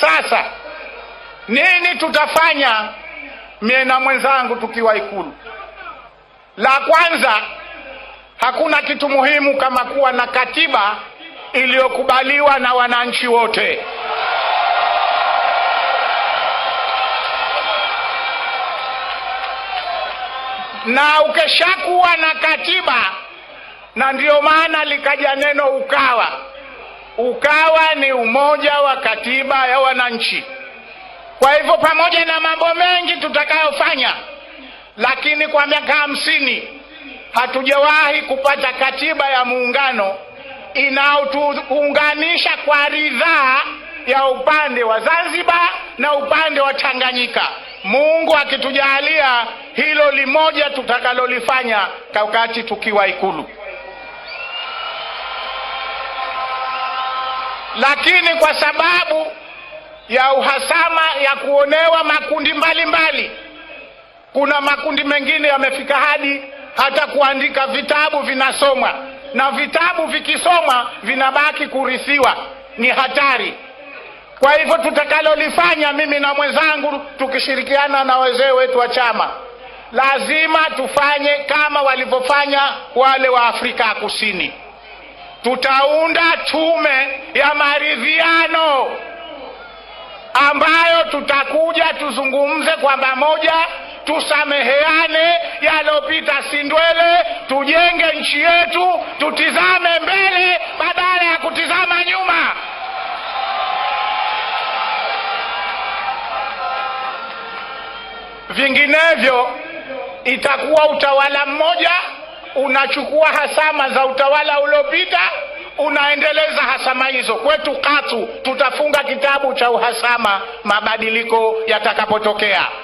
Sasa nini tutafanya mie na mwenzangu tukiwa Ikulu? La kwanza, hakuna kitu muhimu kama kuwa na katiba iliyokubaliwa na wananchi wote. Na ukeshakuwa na katiba, na ndiyo maana likaja neno Ukawa ukawa ni umoja wa katiba ya wananchi. Kwa hivyo, pamoja na mambo mengi tutakayofanya, lakini kwa miaka hamsini hatujawahi kupata katiba ya muungano inayotuunganisha kwa ridhaa ya upande wa Zanzibar na upande wa Tanganyika. Mungu akitujaalia, hilo limoja tutakalolifanya wakati tukiwa Ikulu. lakini kwa sababu ya uhasama ya kuonewa makundi mbalimbali mbali. Kuna makundi mengine yamefika hadi hata kuandika vitabu vinasomwa, na vitabu vikisomwa vinabaki kurithiwa, ni hatari. Kwa hivyo tutakalolifanya, mimi na mwenzangu tukishirikiana na wazee wetu wa chama, lazima tufanye kama walivyofanya wale wa Afrika Kusini tutaunda tume ya maridhiano ambayo tutakuja tuzungumze kwamba moja, tusameheane yaliyopita sindwele tujenge nchi yetu, tutizame mbele badala ya kutizama nyuma. Vinginevyo itakuwa utawala mmoja unachukua hasama za utawala uliopita unaendeleza hasama hizo. Kwetu katu tutafunga kitabu cha uhasama mabadiliko yatakapotokea.